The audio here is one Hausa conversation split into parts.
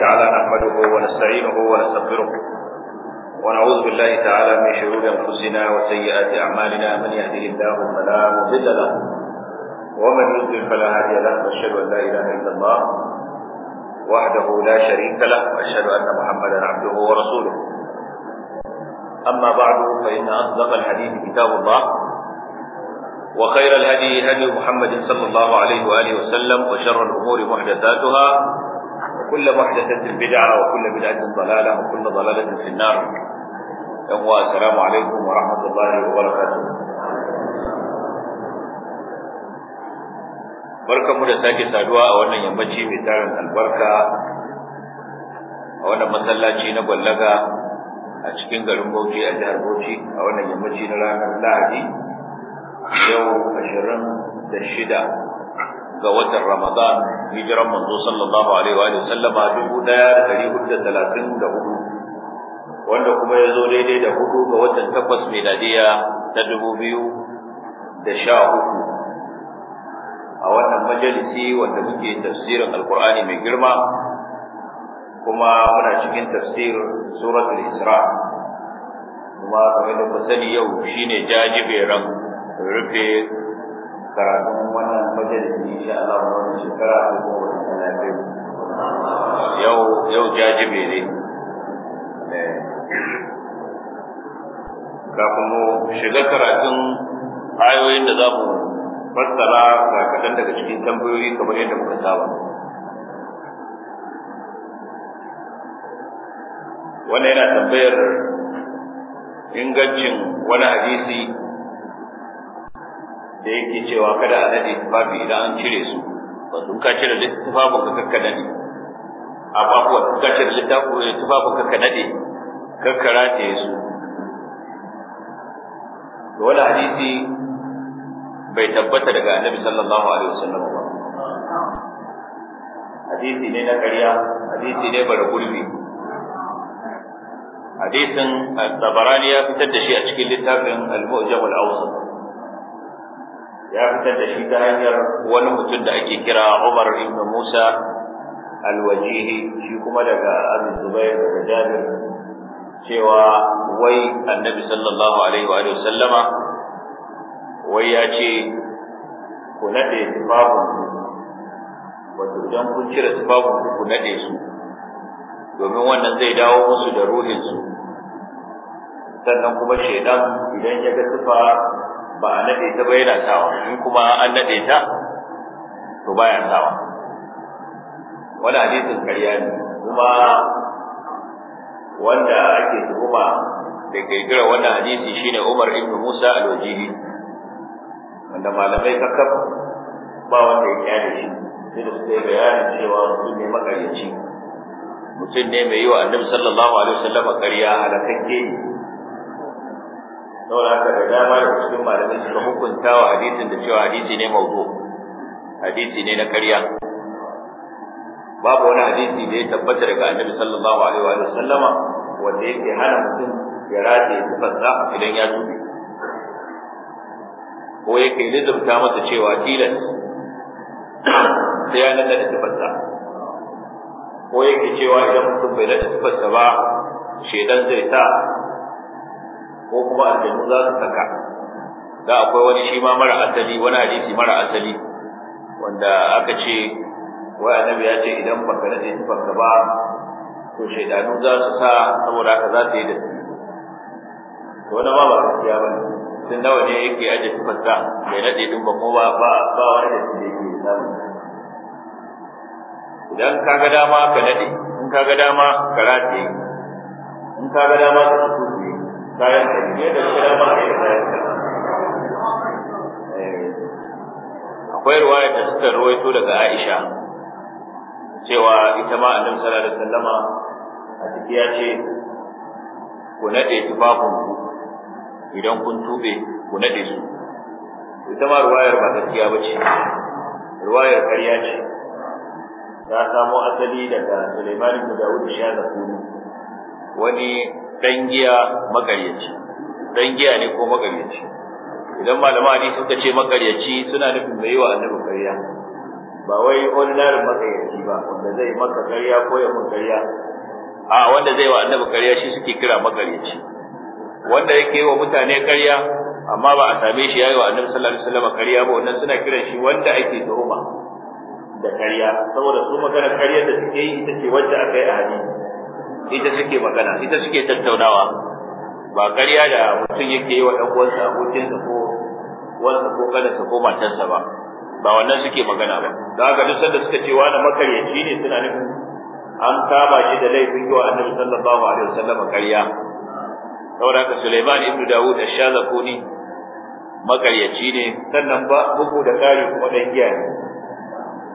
تعالى نحمده ونستعينه ونستغفره ونعوذ بالله تعالى من شرور انفسنا وسيئات اعمالنا من يهده الله فلا مضل له ومن يضلل فلا هادي له واشهد ان لا اله الا الله وحده لا شريك له واشهد ان محمدا عبده ورسوله اما بعد فان اصدق الحديث كتاب الله وخير الهدي هدي محمد صلى الله عليه وآله وسلم وشر الأمور محدثاتها وكل محدثة بدعة وكل بدعة ضلالة وكل ضلالة في النار يوم السلام عليكم ورحمة الله وبركاته barkanmu da sake saduwa a wannan yammaci mai tarin albarka a wannan masallaci na gwallaga a cikin garin Bauchi a jihar Bauchi a wannan yammaci na ranar Lahadi yau ashirin da shida ga watan Ramadan hijiran manzo sallallahu alaihi wa sallama dubu ɗaya da ɗari hudu talatin da hudu wanda kuma ya zo daidai da hudu ga watan takwas miladiya ta dubu biyu da sha uku a wannan majalisi wanda muke tafsirin alkur'ani mai girma kuma muna cikin tafsir suratul isra kuma kamar da ku sani yau shine jajiberan rufe karatun wannan majalisi insha Allah wannan shekara ko kuma wannan lafiya yau yau jajibe ne eh. kafin mu shiga karatun ayoyin da za mu fassara ga kaɗan daga cikin tambayoyi kamar yadda muka saba wannan yana tambayar ingancin wani hadisi da yake cewa kada a nade tufafi idan an cire su ba in ka cire tufafin ka kakka daɗe a bakuwa in ka cire eh, tufafin ka ka nade kakka rataye su da wani hadisi bai tabbata daga annabi sallallahu alaihi wasallam ba hadisi ne na ƙarya hadisi ne bara gurbi hadisin at-tabarani ya fitar da shi a cikin littafin al-mu'jam al-awsat ya fitar da shi ta hanyar wani mutum da ake kira Umar ibn Musa al-Wajihi shi kuma daga Abu Zubair daga Jabir cewa wai Annabi sallallahu alaihi wa sallama wai ya ce ku nade tufafin wato idan kun cire tufafin ku nade su domin wannan zai dawo musu da ruhinsu sannan kuma shaidan idan ya ga tufa ba a naɗe ta ba yana sawa in kuma an naɗe ta to baya sawa wani hadisin karya ne kuma wanda ake tuhuma da kirkira wannan hadisi shine Umar ibn Musa al-Wajidi wanda malamai kakkaf ba wanda ya kyale shi sai da suka yi bayanin cewa mutum ne makaryaci mutum ne mai yi wa annabi sallallahu alaihi wasallam karya halakakke ne saboda haka da dama da cikin malamai suka hukunta wa hadisin da cewa hadisi ne mawdu hadisi ne na ƙarya babu wani hadisi da ya tabbata daga annabi sallallahu alaihi wa sallama wanda yake hana mutum ya rataye a idan ya tube ko yake nizumta masa cewa tilas sai ya nada da tufarsa ko yake cewa idan mutum bai nada tufarsa ba shedan zai sa ko kuma aljanu za su saka da akwai wani shi ma mara asali wani hadisi mara asali wanda aka ce wa annabi ya ce idan baka nade tufarka ba to shaidanu za su sa saboda haka za su yi da to wani ma ba gaskiya ba ne sun nawa ne yake aje fasa? bai nade din ba ko ba ba ba wani da su yake samu idan ka ga dama ka nade in ka ga dama ka rataye in ka ga dama ka tutu kayan ka da kira ba a yi kayan eh, akwai ruwaya da suka ruwaito daga Aisha cewa ita ma annabi sallallahu alaihi wasallama a ciki ya ce ku nade tufafin ku idan kun tube ku nade su ita ma ruwayar ba gaskiya ba ce ruwayar ƙarya ce ta samo asali daga Sulaiman ibn Dawud Shazakuni wani dan giya makaryaci dan giya ne ko makaryaci idan malama ne suka ce makaryaci suna nufin mai wa annabi karya. ba wai ordinary makaryaci ba wanda zai maka karya ko ya maka ƙarya a wanda zai wa annabi karya shi suke kira makaryaci wanda yake wa mutane karya amma ba a same shi yayi wa annabi sallallahu alaihi wasallam ƙarya ba wannan suna kiran shi wanda ake tuhuma da karya saboda su magana karya da suke yi ita ce wacce aka yi a hadisi ita suke magana ita suke tattaunawa ba ƙarya da mutum yake yi wa ɗan uwansa sa ko wansa ko sa ko matarsa ba ba wannan suke magana ba don haka duk sanda suka ce wani makaryaci ne suna nufin an kama shi da laifin yi wa annabi sallallahu alaihi wasallam ƙarya saboda haka Sulaiman ibn Dawud ash-Shazakuni makaryaci ne sannan ba bugu da ƙari kuma dan giya ne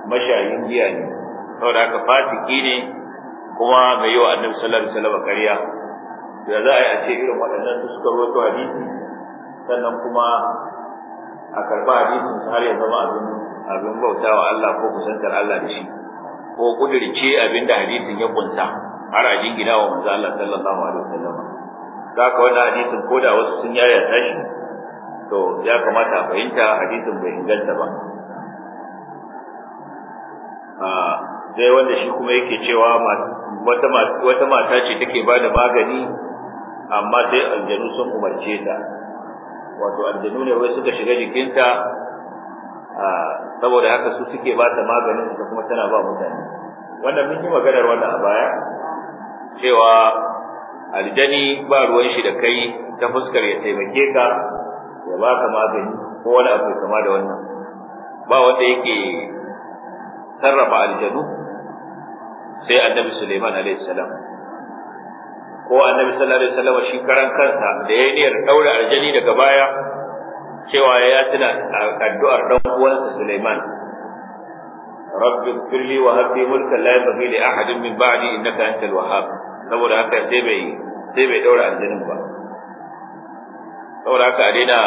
mashayin giya ne saboda haka fatiki ne kuma mai yi wa annabi sallallahu alaihi wasallam kariya da za a yi a ce irin waɗannan su suka to hadisi sannan kuma a karɓa hadisin su har ya zama abin abin wa Allah ko kusantar Allah da shi ko kudirce abin da hadisin ya kunta har a jingina wa manzo Allah sallallahu alaihi wasallam za ka wani hadisin ko da wasu sun yaya tashi to ya kamata a fahimta hadisin bai inganta ba ah, sai wanda shi kuma yake cewa masu wata mata ce take ba da magani amma sai aljanu sun umarce ta wato aljanu ne wai suka shiga jikinta saboda haka su suke ba ta maganin da kuma tana ba mutane wannan mun yi maganar wannan a baya cewa aljani ba ruwan shi da kai ta fuskar ya taimake ka ya ba ka magani ko wani abu kama da wannan ba wanda yake sarrafa aljanu sai annabi Suleiman alaihi salam ko annabi sallallahu alaihi wasallam shi karan kansa da ya niyyar daura aljani daga baya cewa ya tuna addu'ar dan uwansa Suleiman rabbi firli wa habbi mulkan la da li ahadin min ba'di innaka antal wahhab saboda haka sai bai sai bai daura aljanin ba saboda haka a daina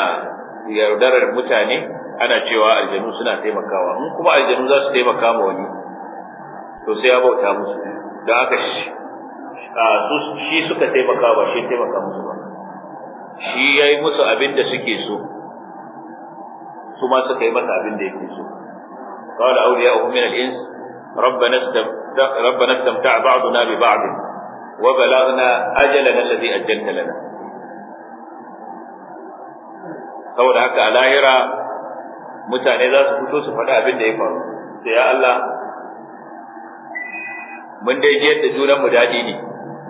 yaudarar mutane ana cewa aljanu suna taimakawa in kuma aljanu za su taimaka ma wani to sai ya bauta musu da aka shi suka taimaka ba shi taimaka musu ba shi ya yi musu abin da suke so su ma suka yi masa abin da yake so قال أولياؤه من الإنس ربنا ربنا استمتع بعضنا ببعض وبلغنا أجلنا الذي أجلت لنا saboda haka a lahira mutane za su fito su faɗi abin da ya faru sai ya Allah mun dai jiyar da junan mu daɗi ne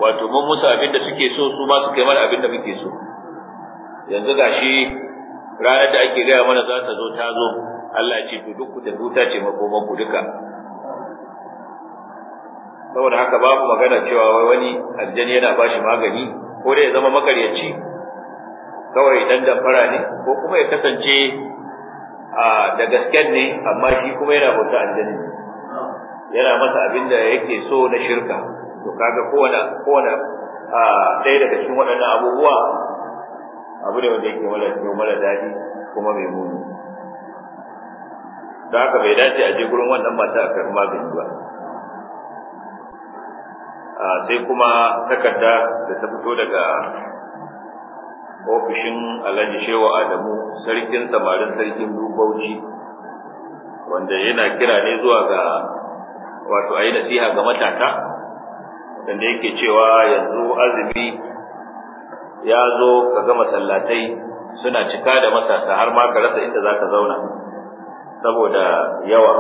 wato mun musu abin da suke so su ma su kai mana abin da muke so yanzu gashi ranar da ake gaya mana za ta zo ta zo Allah ya ce to duk da duta ce makoman ku duka saboda haka babu magana cewa wai wani aljani yana bashi magani ko dai ya zama makaryaci kawai dan damfara ne ko kuma ya kasance a da gasken ne amma shi kuma yana bauta aljani ne yana masa abin da yake so na shirka to kaga kowane kowane ɗaya daga cikin waɗannan abubuwa abu ne wanda yake mara mara daɗi kuma mai muni da haka bai dace a je gurin wannan mata a karɓi magani ba sai kuma takarda da ta fito daga ofishin alhaji shewa adamu sarkin samarin sarkin dubauci wanda yana kira ne zuwa ga wato ayi nasiha ga matasa wanda yake cewa yanzu azumi ya zo ka ga masallatai suna cika da matasa har ma ka rasa inda za ka zauna saboda yawa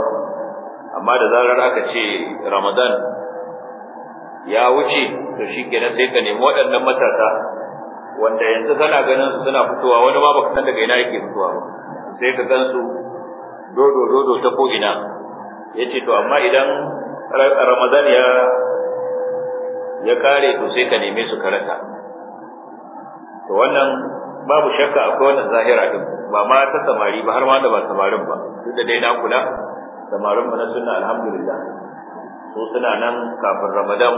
amma da zarar aka ce ramadan ya wuce to shi kenan sai ka nemi waɗannan matasa wanda yanzu kana ganin suna fitowa wani ma baka san daga ina yake fitowa sai ka gan su dodo dodo ta ko ina ya ce to amma idan ramadan ya ya kare to sai ka neme su karanta to wannan babu shakka akwai wannan zahira din ba ma ta samari ba har ma da ba samarin ba duk da dai na kula samarin mu na sunna alhamdulillah su suna nan kafin ramadan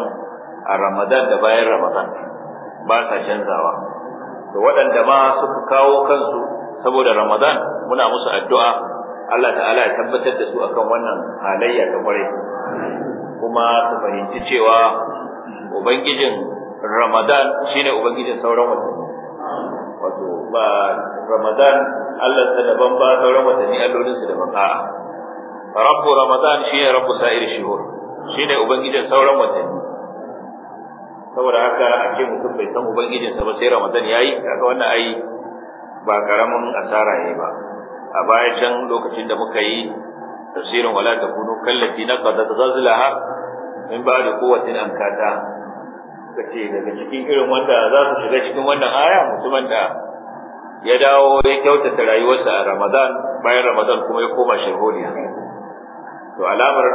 a ramadan da bayan ramadan ba sa canzawa to waɗanda ma suka kawo kansu saboda ramadan muna musu addu'a Allah ta'ala ya tabbatar da su akan wannan halayya ta kwarai kuma su fahimci cewa ubangijin Ramadan shine ubangijin sauran watanni wato ba Ramadan Allah ta daban ba sauran watanni allolin su daban a'a Rabbu Ramadan shine Rabbu sa'ir shuhur shine ubangijin sauran watanni saboda haka a ce mutum bai san ubangijinsa ba sai Ramadan yayi kaga wannan ai ba karamin asara yayi ba a baya can lokacin da muka yi tafsirin wala takunu kallati naqadat ghazlaha min ba'di quwwatin amkata kace daga cikin irin wanda za su shiga cikin wannan aya mutumin da ya dawo ya kyautata rayuwarsa a Ramadan bayan Ramadan kuma ya koma shirholiya to alamar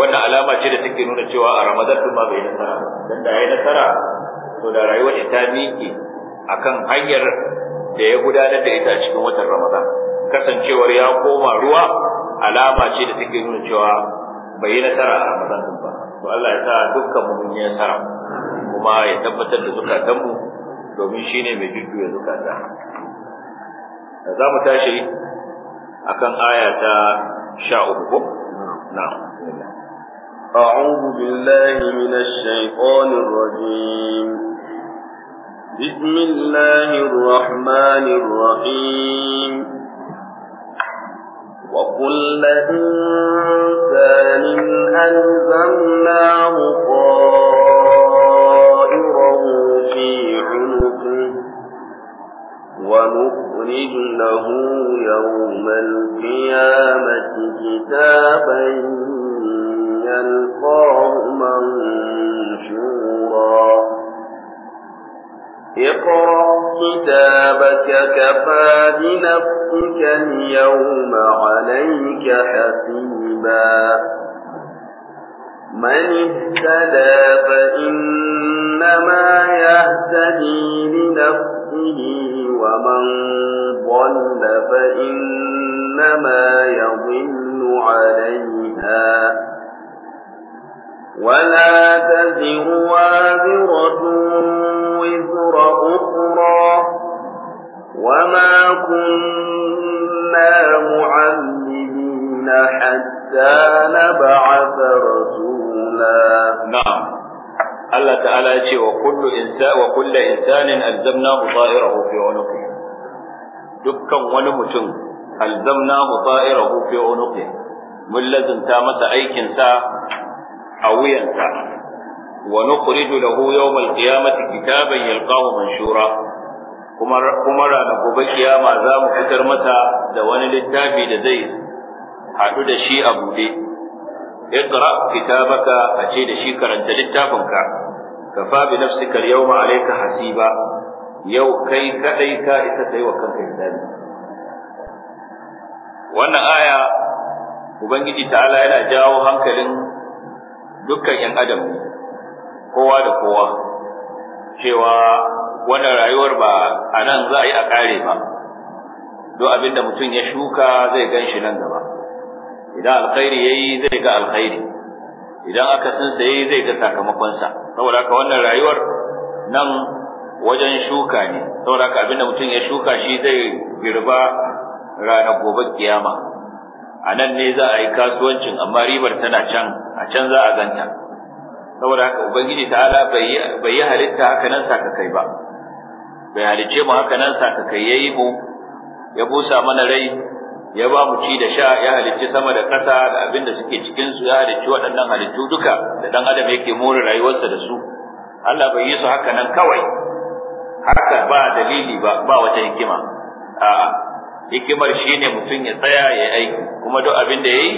wannan alama ce da take nuna cewa a Ramadan tun bai nasara dan da yayi nasara to da rayuwar ta miƙe akan hanyar da ya gudanar da ita cikin watan Ramadan kasancewar ya koma ruwa alama ce da take nuna cewa bai yi nasara a Ramadan din ba to Allah ya sa dukkan mu mun yi nasara kuma ya tabbatar da zukatan mu domin shine mai ya zukata za mu tashi akan aya ta 13 ko na'am أعوذ بالله من الشيطان الرجيم بسم الله الرحمن الرحيم وكل إنسان ألزمناه طائره في عنقه ونخرج له يوم القيامة كتابا يلقاه منشورا اقرأ كتابك كفى بنفسك اليوم عليك حسيبا من اهتدى فإنما يهتدي لنفسه ومن ضل فإنما يضل عليها ولا تزر وازرة أخرى وما كنا معلمين حتى نبعث رسولا نعم الله تعالى يأتي وكل إنسان وكل إنسان ألزمناه طائره في عنقه دكا ونمت ألزمناه طائره في عنقه من لزمت مسأيك ساعة أو ينساعة ونخرج له يوم القيامة كتابا يلقاه منشورا kuma rana gobe kiyama za mu fitar mata da wani littafi da zai haɗu da shi a buɗe iqra kitabaka a ce da shi karanta littafinka kafa bi nafsika yawma alayka hasiba yau kai ka isa wa kanka wannan aya ubangiji ta'ala yana jawo hankalin dukkan yan adam ne kowa da kowa cewa wannan rayuwar ba a nan za a yi a ƙare ba don abin da mutum ya shuka zai gan shi nan gaba idan alkhairi ya yi zai ga alkhairi idan aka tsinsa ya yi zai ga sakamakonsa saboda haka wannan rayuwar nan wajen shuka ne saboda haka abin da mutum ya shuka shi zai girba ranar gobe kiyama a nan ne za a yi kasuwancin amma ribar tana can a can za a ganta saboda haka ubangiji ta Ala bai yi halitta haka nan sakakai ba bai halice mu haka nan sakakai yayi mu ya busa mana rai ya ba mu ci da sha ya halicci sama da ƙasa da abin da suke cikin su ya halicci waɗannan halittu duka da dan adam yake more rayuwarsa da su Allah bai yi su haka nan kawai haka ba dalili ba ba wata hikima a hikimar shine mutum ya tsaya ya aiki kuma duk abin da yayi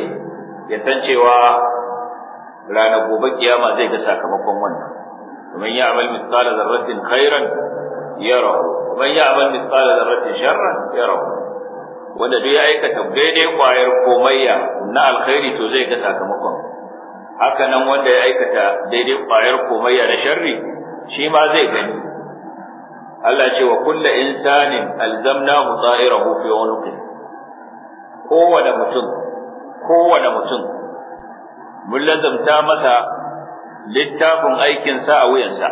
ya san cewa rana gobe kiyama zai ga sakamakon wannan ya ومن يعمل مثقال ذرة خيرا يره ومن يعمل مثقال ذرة sharran, يره wanda duk ya aikata daidai kwayar komayya na alkhairi to zai ga sakamakon haka nan wanda ya aikata daidai kwayar komayya da sharri shi ma zai gani Allah ce wa kullu insanin alzamnahu ta'irahu fi unuqi kowane mutum kowane mutum mun lazamta masa littafin aikinsa a wuyansa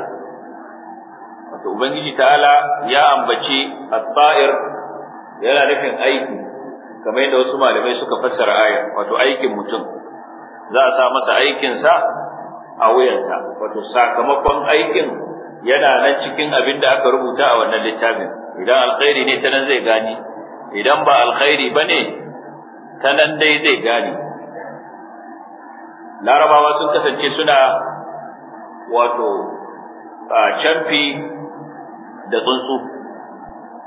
wato ubangiji ta'ala ya ambaci at bair yana nufin aiki kamar yadda wasu malamai suka fassara ayar wato aikin mutum za a sa masa aikinsa a wuyansa wato sakamakon aikin yana nan cikin abin da aka rubuta a wannan littafin idan alkhairi ne ta nan zai gani idan ba alkhairi ba ne ta nan dai zai gani larabawa sun kasance suna wato canfi da tsuntsu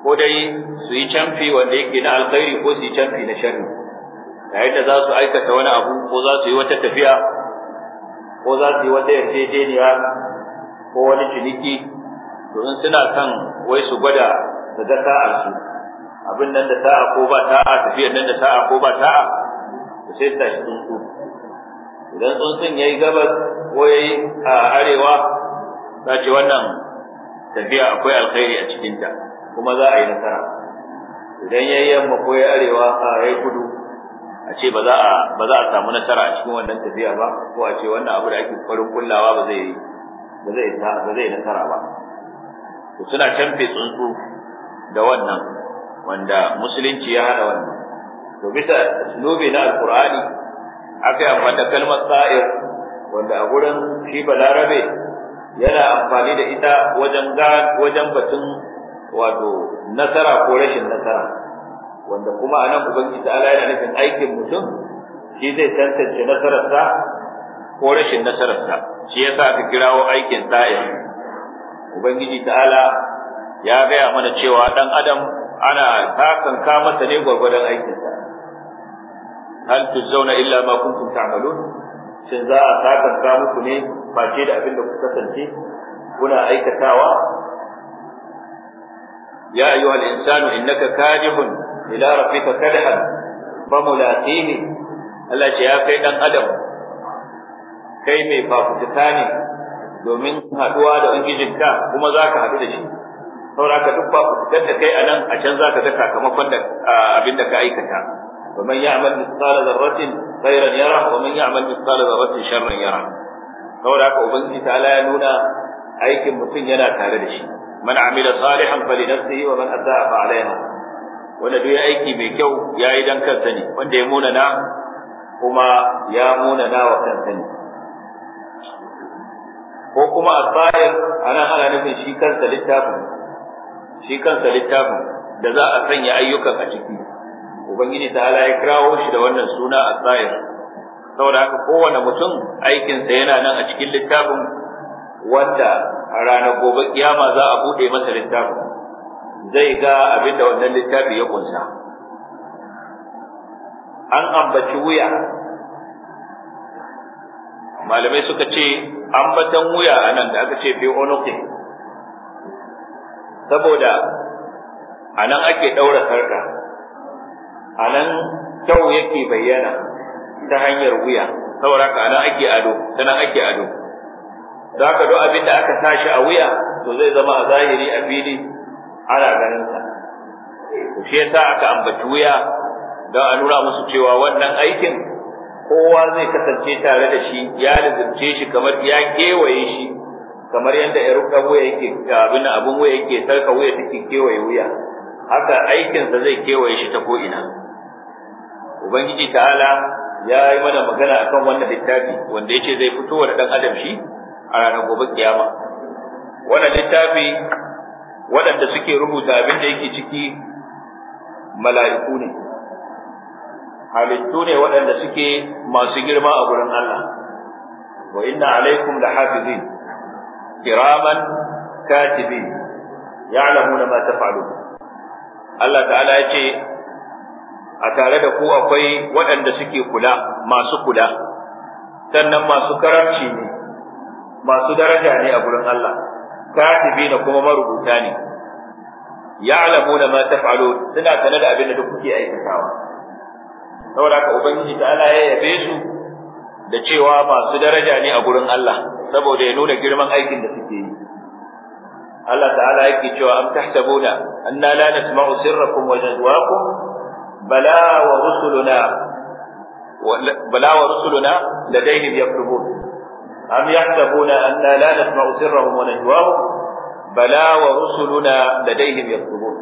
ko dai su yi canfi wanda yake na alkhairi ko su yi canfi na sharri yayin da za su aikata wani abu ko za su yi wata tafiya ko za su yi wata yarjejeniya ko wani ciniki to in suna kan wai su gwada su ga sa'arsu. su abin nan da sa'a ko ba ta'a, tafiyar nan da sa'a ko ba ta'a, to sai su tashi tsuntsu idan tsuntsun ya yi gabas ko ya yi a arewa za ce wannan tafiya akwai alkhairi a cikinta kuma za a yi nasara idan ya yi yamma ko ya arewa a yi kudu a ce ba za a samu nasara a cikin wannan tafiya ba ko a ce wannan abu da ake farin kullawa ba zai ba zai nasara ba to suna canfe tsuntsu da wannan wanda musulunci ya hada wannan to bisa lobe na alkur'ani aka yi amfani da kalmar sa'ir wanda a gurin shi balarabe yana amfani da ita wajen wajen batun wato nasara ko rashin nasara wanda kuma a nan ubangiji ala yana nufin aikin mutum shi zai tantance nasararsa ko rashin nasararsa shi sa aka kirawo aikin sa'ir ubangiji ta'ala ya gaya mana cewa dan adam ana takan masa ne gwargwadon aikinsa hal tujzauna illa ma kuntum ta'malun shin za a sakanta muku ne face da abin da ku kasance kuna aikatawa ya ayyuha al-insanu innaka kadihun ila rabbika kadhan fa mulaqihi Allah ce ya kai dan adam kai mai fafutuka ne domin haduwa da ubangijinka kuma za ka haɗu da shi saboda ka duk fafutukan da kai a nan a can zaka ga sakamakon da abin da ka aikata ومن يعمل مثقال ذرة خيرا يره ومن يعمل مثقال ذرة شرا يره saboda haka ubangiji ta ya nuna aikin mutum yana tare da shi man amila salihan fali nafsihi wa man asaa fa alaiha wanda duk aiki mai kyau yayi dan kansa ne wanda ya kuma ya muna wa ko kuma ana ana nufin shi kansa littafin shi kansa littafin da za a sanya ayyukan a ciki ubangiji ta ala ya kirawo shi da wannan suna a tsayar saboda haka kowane mutum aikinsa yana nan a cikin littafin wanda a ranar gobe kiyama za a buɗe masa littafin zai ga abin da wannan littafi ya kunsa an ambaci wuya malamai suka ce ambatan wuya a nan da aka ce fi onokin saboda a nan ake ɗaura sarka a nan kyau yake bayyana ta hanyar wuya saboda haka nan ake ado ta nan ake ado za ka do abin da aka tashi a wuya to zai zama a zahiri a fili ana ganin sa shi yasa aka ambaci wuya don a nuna musu cewa wannan aikin kowa zai kasance tare da shi ya lizince shi kamar ya kewaye shi kamar yadda ya ruka wuya yake abin abin wuya yake sarka wuya take kewaye wuya haka aikinsa zai kewaye shi ta ko ina ubangiji ta'ala ya yi mana magana akan wannan littafi wanda yace zai fito wa ɗan adam shi a ranar gobe kiyama wannan littafi waɗanda suke rubuta abin da yake ciki mala'iku ne halittu ne waɗanda suke masu girma a gurin Allah wa inna alaikum hafizin kiraman katibin ya'lamuna ma taf'alun Allah ta'ala ya ce a tare da ku akwai waɗanda suke kula masu kula sannan masu karamci ne masu daraja ne a gurin Allah katibi na kuma marubuta ne da ma taf'alun suna sanar da abin da duk kuke aikatawa saboda haka ubangiji ta Allah ya yabe su da cewa masu daraja ne a gurin Allah saboda ya nuna girman aikin da suke yi Allah ta'ala yake cewa am tahsabuna anna la nasma'u sirrakum wa najwaakum bala wa rusuluna بلا ورسلنا لديهم يكتبون أم يحسبون أن لا نسمع سرهم ونجواهم بلا ورسلنا لديهم يكتبون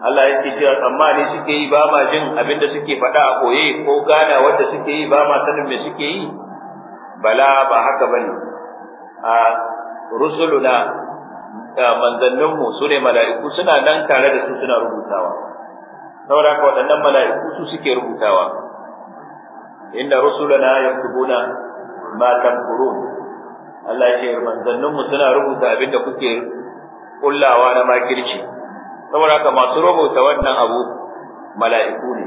Allah ya ce cewa tsammani suke yi ba ma jin abin da suke faɗa a koye ko gana wanda suke yi ba ma sanin me suke yi bala ba haka ba ne a rusuluna manzanninmu su ne mala'iku suna nan tare da su suna rubutawa saboda haka waɗannan mala'iku su suke rubutawa inna rusulana yaktubuna ma tamkurun Allah ya ce manzannin mu suna rubuta abinda kuke kullawa na makirci saboda haka masu rubuta wannan abu mala'iku ne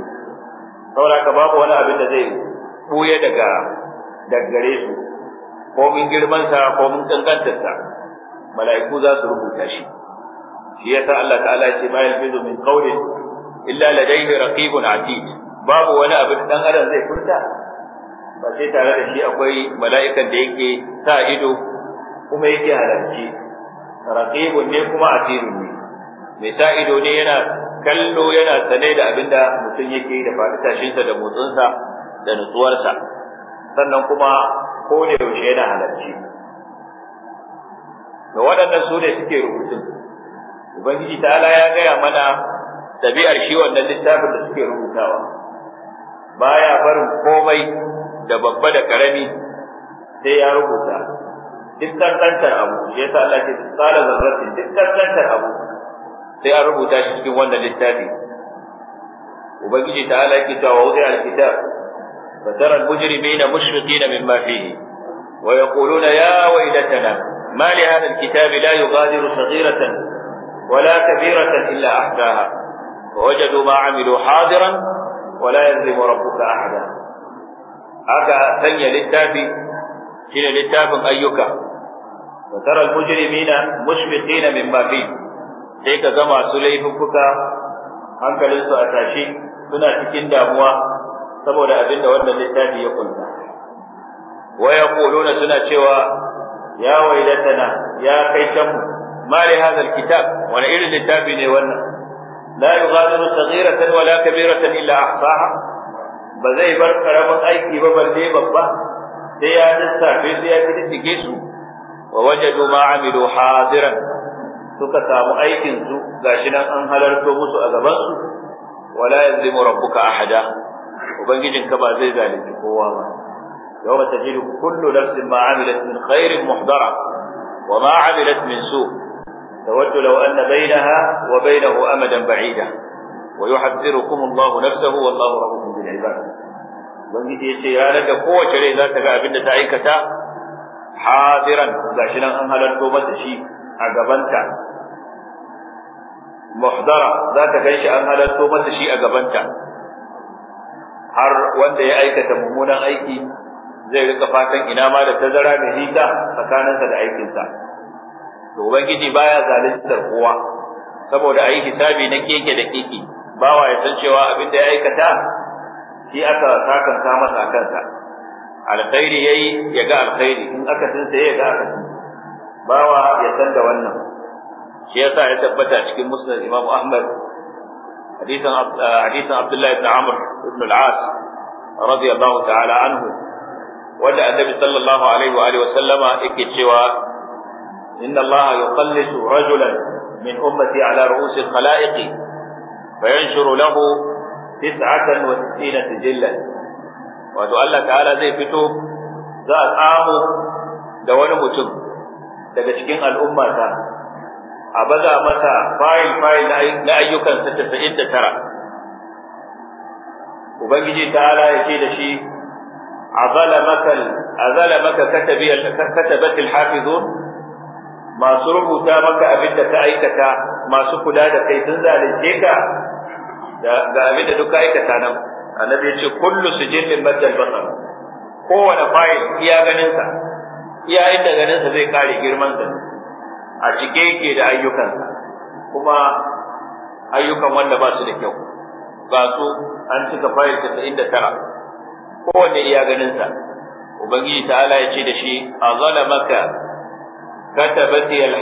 saboda haka babu wani abin da zai buye daga daggare su ko mun girman sa ko mun kankantar sa mala'iku za su rubuta shi shi yasa Allah ta'ala ya ce ma yalfizu min qawlin illa ladaihi raqibun atid babu wani abu da dan adam zai furta ba sai tare da shi akwai mala'ikan da yake sa ido kuma yake halarci raqibun ne kuma atidun ne mai sa ido ne yana kallo yana sane da abinda mutum yake da faɗi tashinsa da motsinsa da nutsuwarsa sannan kuma ko ne yaushe yana halarci da waɗannan su ne suke rubutun ubangiji ta'ala ya gaya mana ɗabi'ar shi wannan littafin da suke rubutawa baya barin komai da babba da karami sai ya rubuta duk kankantar abu ya sa Allah ke tsara zarratin duk kankantar abu sai an rubuta shi cikin wannan littafi ubangiji ta ala yake cewa wudi alkitab fatara almujrimina mushfiqina mimma fihi wa yaquluna ya waylatana ma li hadha alkitabi la yughadiru saghiratan ولا كبيرة إلا أحداها wajadu ma amilu hadiran wala yanzimu rabbuka ahada aka sanya littafi shine littafin ayyuka wa tara al-mujrimina mushfiqina mimma fi sai ka ga masu laifuffuka su a tashi suna cikin damuwa saboda abinda wannan littafi ya kunta wa yaquluna suna cewa ya wailatana ya kai tamu ma li hadha al-kitab wani irin littafi ne wannan la yughadiru saghiratan wala kabiratan illa ahsaha ba zai bar karamin aiki ba balle babba sai ya lissafe sai ya kididdige su wa wajadu ma amilu hadiran suka samu aikin su gashi nan an halarto musu a gaban su wala yazlimu rabbuka ahada ubangijin ka ba zai zalunci kowa ba yawma tajidu kullu nafsin ma amilat min khairin muhdara wa ma amilat min su' تود لو أن بينها وبينه أمدا بعيدا ويحذركم الله نفسه والله رؤوف بالعباد ubangiji ya ce ranar da kowace rai za ta ga abin da ta aikata hadiran gashi nan an halarto mata shi a gabanta muhdara za ta gan shi an halarto mata shi a gabanta har wanda ya aikata mummunan aiki zai rika fatan ina ma da tazara da hita tsakaninsa da aikinsa to ubangiji baya zaluntar kowa saboda ayi hisabi na keke da keke bawa ya san cewa abin da ya aikata shi aka sakanta masa a kansa alkhairi yi ya ga alkhairi in aka tinsa ya ga aka bawa ya san da wannan shi yasa ya tabbata cikin musnad Imam Ahmad hadisan Abdullahi Abdullah ibn Amr ibn al-As radiyallahu ta'ala anhu wanda annabi sallallahu alaihi wa alihi wa sallama yake cewa إن الله يقلد رجلا من أمتي على رؤوس الخلائق فينشر له تسعة وستين سجلا وأدو الله تعالى زي فتو ذات آم دوان متب تجشكين الأمة أبدا متى فايل فايل لا أيك أن ترى وبنجي تعالى يشيد شيء أظلمك أظلمك كتبي كتبت الحافظون masu rubuta maka abin da ka aikata masu kula da kai sun zalunce ka ga abin da duka aikata nan annabi ya ce kullu sujillin majal basar kowane fayil iya ganin sa iya inda ganin sa zai kare girman sa a cike yake da ayyukansa kuma ayyukan wanda ba su da kyau ba su an cika fayil 99 kowanne iya ganin sa ubangiji ta'ala ya ce da shi a zalamaka katabat al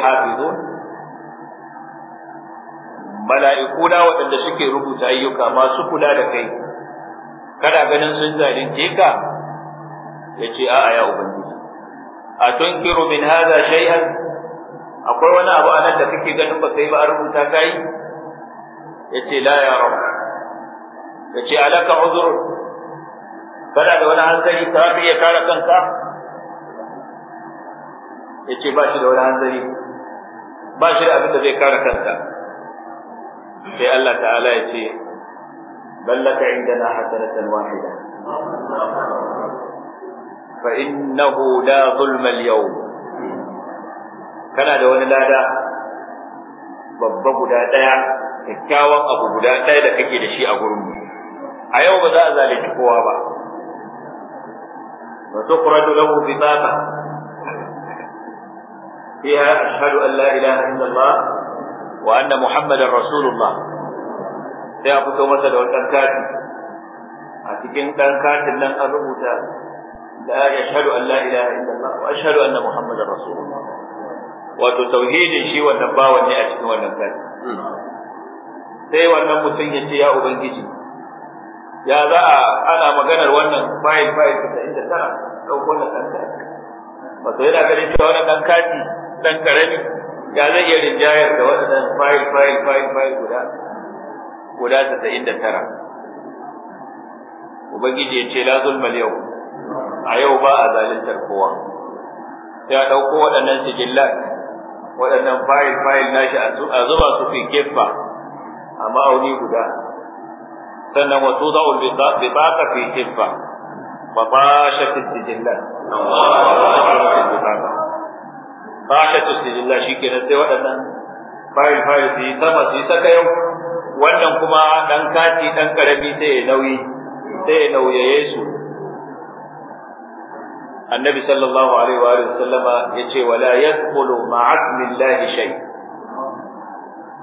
mala'iku da waɗanda suke rubuta ayyuka masu kula da kai kada ganin sun zalunce ka yace a'a ya ubangiji a kiro min hadha shay'an akwai wani abu anan da kake ganin ba kai ba a rubuta kai yace la ya rabb yace alaka uzur kada da wani hankali ka iya kare kanka ya ce ba shi da wani hanzari ba shi da abin da zai kare kanta. sai Allah ta'ala ya ce ballaka indana hasanatan wahida fa innahu la zulma al-yawm kana da wani lada babba guda daya kyakkyawan abu guda daya da kake da shi a gurin mu a yau ba za a zalunci kowa ba wa tuqradu lahu bitaba فيها أشهد أن لا إله إلا الله وأن محمدا رسول الله sai a fito masa da wannan kati a cikin ɗan katin nan an rubuta la yashhadu an la ilaha illallah wa ashhadu anna muhammadar rasulullah wato tauhidin shi wannan bawan ne a cikin wannan katin? sai wannan mutum ya ce ya ubangiji ya za a ana maganar wannan bayin bayin 99 ɗauko na ɗan kati wato yana ganin cewa wannan ɗan kati dan karami ya zai iya rinjayar da waɗannan fayil fayil fayil fayil guda guda tasa'in da tara ubangiji ya ce la zulmal yau a yau ba a zaluntar kowa sai a ɗauko waɗannan sijillat waɗannan fayil fayil nashi a zuba su fi gefa a ma'auni guda sannan wasu za'ul bitaqa fi gefa fa ba shafi sijillat Allah khashatu lillah shikenan sai waɗannan fayil fayil su yi sama su yi saka yau wannan kuma ɗan kati ɗan ƙarami sai ya nauyi sai ya nauyaye su annabi sallallahu alaihi wa sallama yace wala yaqulu ma'azmillahi shay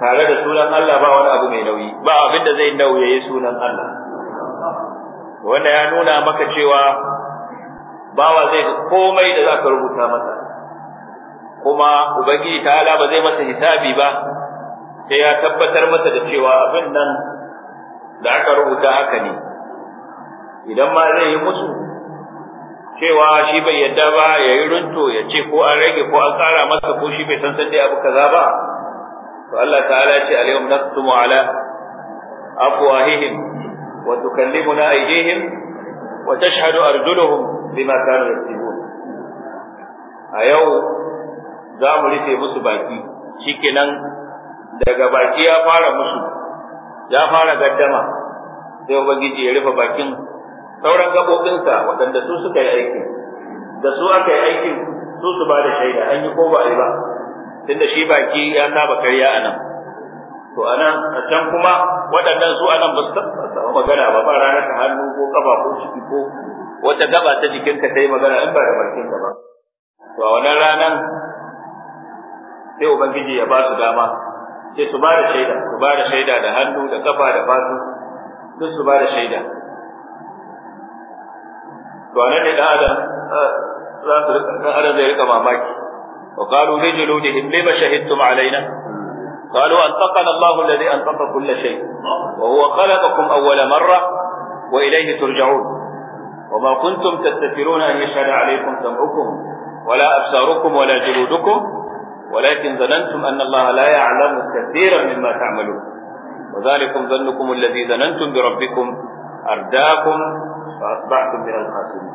tare da sunan Allah ba wani abu mai nauyi ba abin da zai nauyaye sunan Allah Wannan ya nuna maka cewa bawa zai komai da zaka rubuta masa kuma ubangiji ala ba zai masa hisabi ba sai ya tabbatar masa da cewa abin nan da aka rubuta haka ne idan ma zai yi musu cewa shi bai yadda ba ya yi runto ya ce ko an rage ko an ƙara masa ko shi bai san san dai abu kaza ba to Allah ta'ala ce alayhim naqtumu ala afwahihim wa tukallimuna aydihim wa tashhadu arjuluhum bima kanu yaksibun a yau za mu rufe musu baki shikenan daga baki ya fara musu ya fara gaddama sai ubangiji ya rufe bakin sauran gabobinsa waɗanda su suka yi aikin da su aka yi aikin su su ba da shaida an yi ko ba yi ba tunda shi baki ya saba karya a nan to a nan a can kuma waɗannan su a nan ba su taɓa magana ba ba ranar ta hannu ko kafa ko ciki ko wata gaba ta jikinka ta yi magana in ba da bakinka ba to a wannan ranar sai ubangiji ya ba su dama sai su ba da shaida su ba da shaida da hannu da kafa da fatu duk su ba da shaida to anan ne dan adam za su rika dan adam zai rika mamaki wa qalu li juludihim lima shahidtum alaina قالوا أنطقنا الله الذي أنطق كل شيء وهو خلقكم أول مرة وإليه ترجعون وما كنتم تستترون أن يشهد عليكم سمعكم ولا أبصاركم ولا جلودكم ولكن ظننتم أن الله لا يعلم كثيرا مما تعملون وذلكم ظنكم الذي ظننتم بربكم أرداكم فأصبحتم من الخاسرين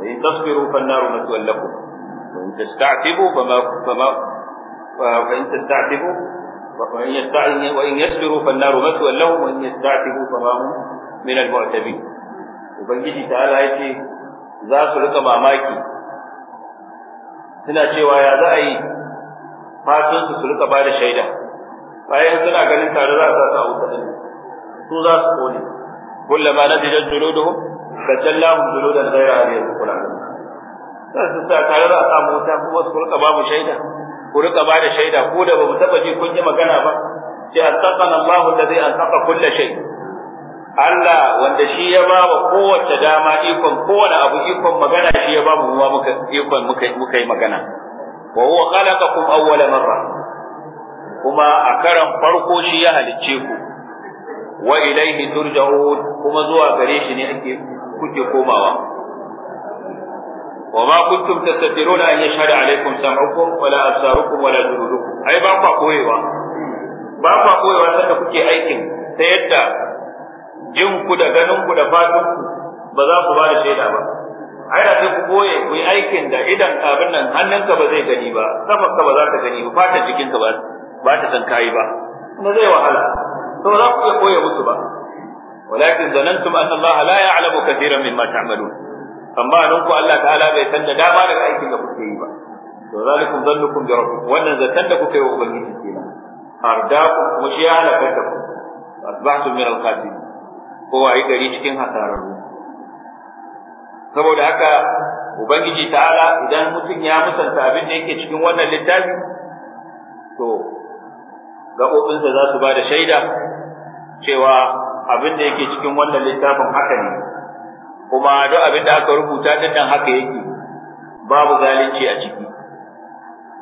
وإن تصبروا فالنار مسوى لكم وإن تستعتبوا فما فما فإن تستعتبوا وإن وإن يصبروا فالنار مسوى لهم وإن يستعتبوا فما هم من المعتبين وبنجي تعالى ala ذاك za su rika mamaki suna cewa matan su su rika ba da shaida bayan suna ganin tare za su sa wuta din su za su kone kullama nadijat juluduhum katallahum juludan ghayra aliyah alquran sai su sa tare za su sa wuta kuma su rika ba mu shaida ku rika ba da shaida ko da ba mu taba ji kun yi magana ba sai attaqana Allah alladhi antaqa kull shay Allah wanda shi ya ba wa kowace dama ikon kowane abu ikon magana shi ya ba mu muka ikon muka yi magana Wa wu ƙanaka kun auya Kuma a farko shi ya halicce ku. Wa ilai ni, duk kuma zuwa gare shi ne kuke komawa? Wa makuntun ta sassiro ne a iya shaɗa alefra, sarauta wala al-sarauku wala duk ba kwa ƙwayewa. Ba kwa ƙwayewa sada kuke aikin, ta yadda jinku, da ganinku, da fatanku ba za su da shaida ba. ai da sai ku boye ku yi aikin da idan abin nan hannunka ba zai gani ba kafarka ba za ta gani ba fatan jikinka ba ba ta san kai ba kuma zai wahala to za ku iya boye musu ba walakin zanantum anna Allah la ya'lamu katiran mimma ta'malun amma nan ku Allah ta'ala bai san da dama daga aikin da kuke yi ba to zalikum zannukum bi rabbikum wannan zatan da kuke wa ubangiji kenan ardaku kuma shi ya halaka da ku asbahtum min al-khasirin kowa yi gari cikin hasararru saboda haka ubangiji ta'ala idan mutum ya musanta abin da yake cikin wannan littafi to gaɓoɓinsa za su ba da shaida cewa abin da yake cikin wannan littafin haka ne kuma duk abin da aka rubuta din haka yake babu zalunci a ciki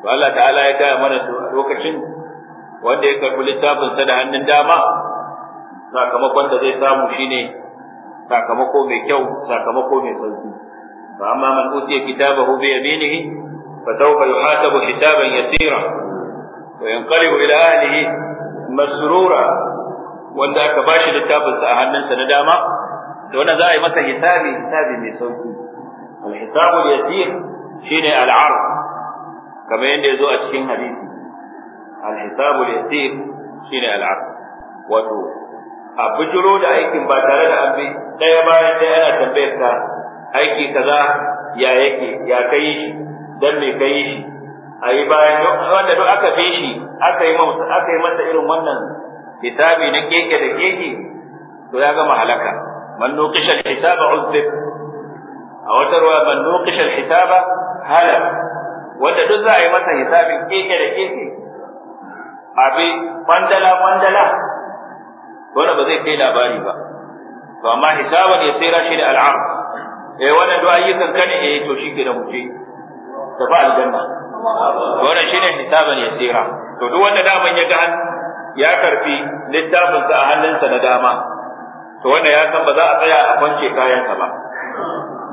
to Allah ta'ala ya gaya mana su a lokacin wanda ya karɓi littafin sa da hannun dama sakamakon da zai samu shine sakamako mai kyau sakamako mai sauki fa amma man utiya kitabahu bi yaminihi fa sawfa yuhasabu hisaban yasira wa yanqalibu ila ahlihi masrura wanda aka bashi littafinsa a hannunsa na dama da wannan za a yi masa hisabi hisabi mai sauki al-hisabu yasir shine al-arf kamar yadda yazo a cikin hadisi al-hisabu yasir shine al-arf wato a bijiro da aikin ba tare da an bi ɗaya bayan ɗaya ana tambayar ka aiki kaza ya yake ya kai shi dan me kai shi a yi bayan wanda duk aka bi shi aka yi masa aka yi masa irin wannan hisabi na keke da keke to ya gama halaka man nuqisha al-hisaba uzib a wata ruwa man nuqisha al-hisaba hala wanda duk za a yi masa hisabin keke da keke abi mandala mandala wannan ba zai kai labari ba to amma hisaban ya sai rashi da al'am eh wannan duk ayyukan kane eh to shi ke da mutum da ba aljanna wannan shine hisaban ya tsira to duk wanda daman ya ga ya karfi littafin sa a hannunsa na dama to wannan ya san ba za a tsaya a kwance kayansa ba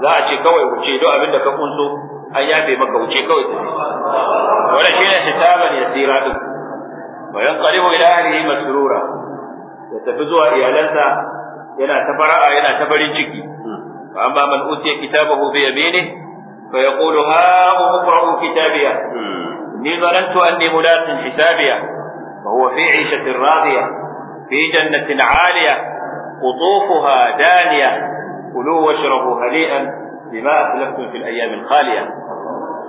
za a ce kawai wuce duk abin da ka kunso an yafe maka wuce kawai wannan shine hisaban ya tsira din wa yanqalibu ila ahlihi masrura ya tafi zuwa iyalansa yana ta fara'a yana ta farin ciki fa amma man utiya kitabahu bi yaminihi fa yaqulu ha umqra'u kitabiya ni zarantu anni mulaqin hisabiya fa huwa fi 'ishatin radiya fi jannatin 'aliya qutufuha daniya kulu washrabu hali'an bima aslaftum al ayyam al khaliya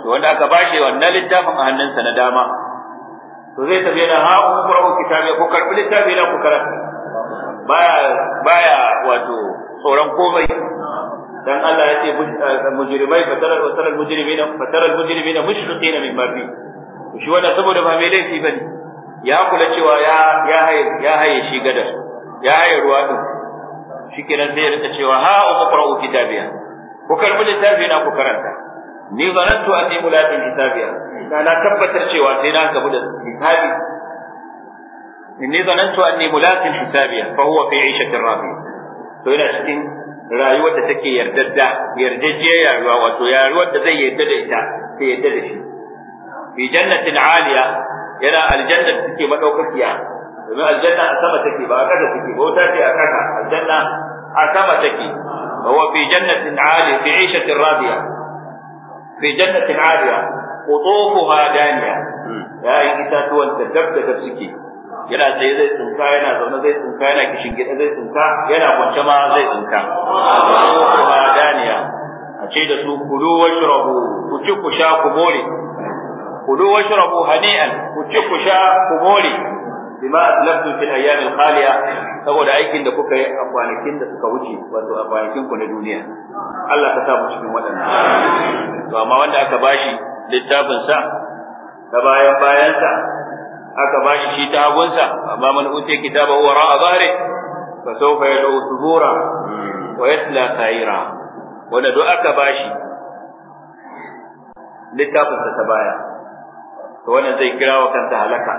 to wanda aka bashi wannan littafin a hannunsa na dama to zai tafi da ha umqra'u kitabiya ko karbi littafin ku karanta baya wato tsoron komai dan Allah ya ce eh, mujrimai fatara wasaral mujrimina fatara mujrimina mushfiqina min fi shi wannan saboda ba mai laifi bane ya kula cewa ya ya haye ya haye shi gadar ya haye ruwa din shikenan sai ya rika cewa ha umqra'u kitabiya ku karbi littafi na ku karanta ni zanantu anni mulaqin kitabiya na tabbatar cewa sai na gabu da kitabi إني ظننت أني ملاك حسابيا فهو في عيشة رابية فإلى ستين رايوة تكي يرتد يرددع يا رواوة يا رواة زي يدلئتا في يدلش في جنة عالية يرى الجنة تكي مدوكتيا يا. الجنة أسمى تكي بأكاد تكي بوتاتي أكاد الجنة أسمى تكي هو في جنة عالية في عيشة رابية في جنة عالية قطوفها دانية يا إيسا تونت دبت تفسكي yana tsaye zai tsinka yana zaune zai tsinka yana kishin gida zai tsinka yana kwance ma zai tsinka kuma daniya a ce da su wa shirabu ku ci ku sha ku more wa shirabu hani'an ku ci ku sha ku more bima aslaftu fil ayyam al khaliya saboda aikin da kuka yi a kwanakin da suka wuce wato a kwanakin ku na duniya Allah ka sa mu cikin waɗannan to amma wanda aka bashi littafin sa da bayan bayan sa aka ba shi ta abunsa amma man utiya kitaba huwa ra'a bahri fa sawfa yad'u subura wa yasla sa'ira wanda do aka ba shi littafin ta baya to wannan zai kira wa kanta halaka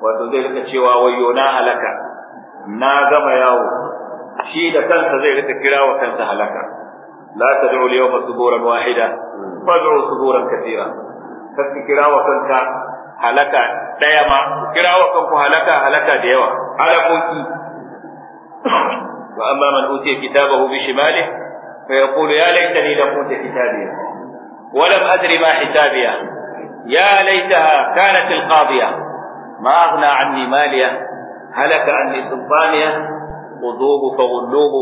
wato zai rika cewa wayo na halaka na gama yawo shi da kansa zai rika kira wa kansa halaka la tad'u al-yawma suburan wahida fad'u suburan katira kake kira wa kanka halaka ɗaya ma ku kira wa kanku halaka halaka da yawa halakoki wa amma man utiya kitabahu bi shimali fa yaqulu ya laitani lam uta kitabiya wa lam adri ma hisabiya ya laitaha kanat al qadiya ma aghna anni maliya halaka anni sultaniya khudhuhu faghulluhu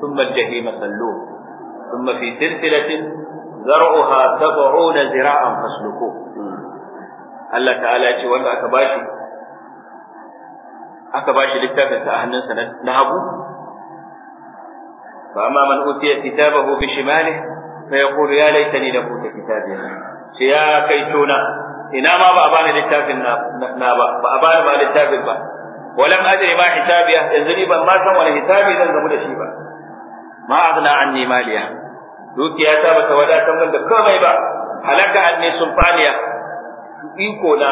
thumma al jahima salluhu thumma fi silsilatin ذرعها سبعون ذراعا فاسلكوه Allah ta'ala ya ce wanda aka bashi aka bashi littafin sa a hannunsa na hagu fa amma man utiya kitabahu bi shimalihi fa yaqulu ya laitani lam uta kitabi ce ya kai tona ina ma ba a bani littafin na ba ba a bani ba littafin ba walam ajri ma hisabiya yanzu ni ban ma san wani hisabi zan gamu da shi ba ma aghna anni maliya dukiya ta bata wadatar min da komai ba halaka anni sulfaniya iko na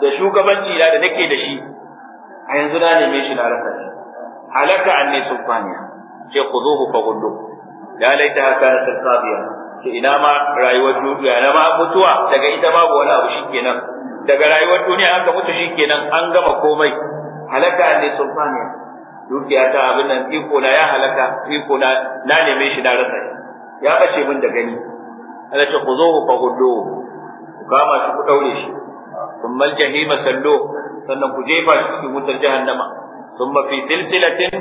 da shugabanci na da nake da shi a yanzu na neme shi na rasa shi halaka anni subhaniya ce khuduhu fa gullu ya laita kana tsadiya ce ina ma rayuwar duniya na ma mutuwa daga ita babu wani abu shikenan daga rayuwar duniya an ga mutu shikenan an gama komai halaka ne subhaniya dukiya ta abin nan iko na ya halaka iko na na neme shi na rasa shi ya bace min da gani Allah ce khuduhu fa gullu ku kama shi ku daure shi kuma al-jahima sallu sannan ku jefa shi cikin wutar jahannama kuma fi silsilatin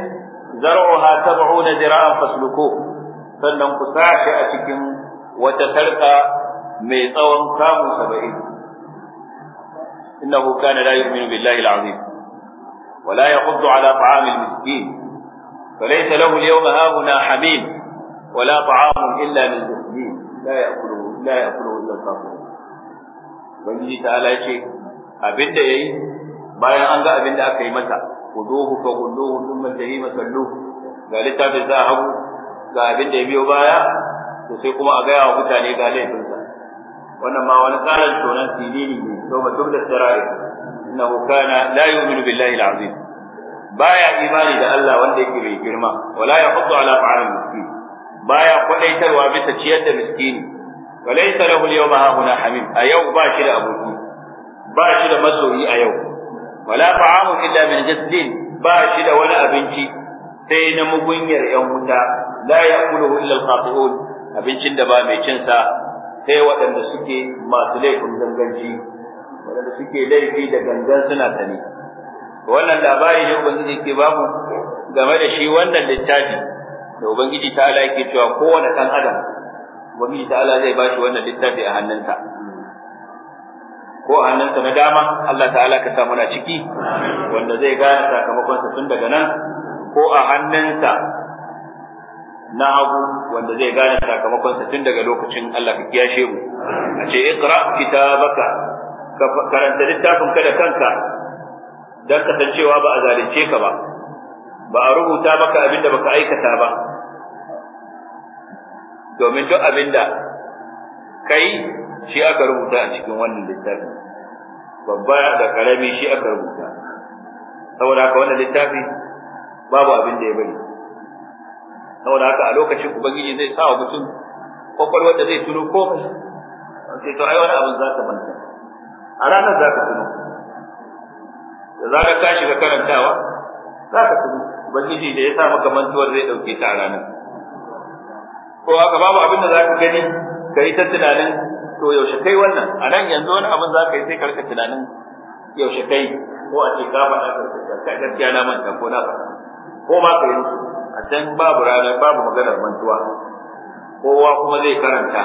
zar'uha 70 zira'an fasluku sannan ku sa a cikin wata sarka mai tsawon kamu 70 innahu kana la yu'minu billahi al'azim al-azim ولا يحض على طعام المسكين فليس له اليوم هاهنا حميم ولا طعام الا من غسلين لا ياكله لا ياكله الا الكافرون ubangiji ta ala ce ya yi, bayan an ga abin da aka yi masa kuduhu fa kuduhu thumma jahima sallu ga littafin za a hagu ga abin da ya biyo baya to sai kuma a gaya wa mutane ga laifinsa wannan ma wani tsarin tonan silili ne to ba duk tubda sarai innahu kana la yu'minu billahi al-azim baya imani da Allah wanda yake mai girma wala yahuddu ala ta'am miskin baya kwadaitarwa bisa ciyar da miskini walaysa lahu al-yawma hahuna hamim a yau ba shi da aboki ba shi da masoyi a yau wala ta'amu illa min jaddin ba shi da wani abinci sai na mugunyar yan wuta la ya'kuluhu illa al-khati'un abincin da ba mai cin sa sai waɗanda suke masu laifin ganganci waɗanda suke laifi da gangan suna sani wannan labari ne ubangiji ke bamu game da shi wannan littafi da ubangiji ta ala yake cewa kowane kan adam ubangiji ta'ala zai bashi wannan littafi a hannunsa ko a hannunsa na dama Allah ta'ala ka sa mana ciki wanda zai gane sakamakonsa tun daga nan ko a hannunsa na hagu wanda zai gane sakamakonsa tun daga lokacin Allah ka kiyashe mu a ce iqra kitabaka ka karanta littafin ka da kanka dan kasancewa ba a zalunce ka ba ba a rubuta maka abin da baka aikata ba domin duk abin da kai shi aka rubuta a cikin wannan littafi babba da karami shi aka rubuta saboda haka wannan littafi babu abin da ya bari saboda haka a lokacin ubangiji zai sa wa mutum kwakwalwar da zai tuno komai sai to ai wani abin za ka manta a ranar za ka tuno da zarar ka shiga karantawa za ka tuno ubangiji da ya sa maka mantuwar zai ɗauke ta a ranar ko haka babu abin da zaka gani kai ta tunanin to yaushe kai wannan a nan yanzu wani abin zaka yi sai karka tunanin yaushe kai ko a ce ka faɗa ka gaskiya na manta ko na faɗa ko ma ka yanzu a can babu rana babu maganar mantuwa kowa kuma zai karanta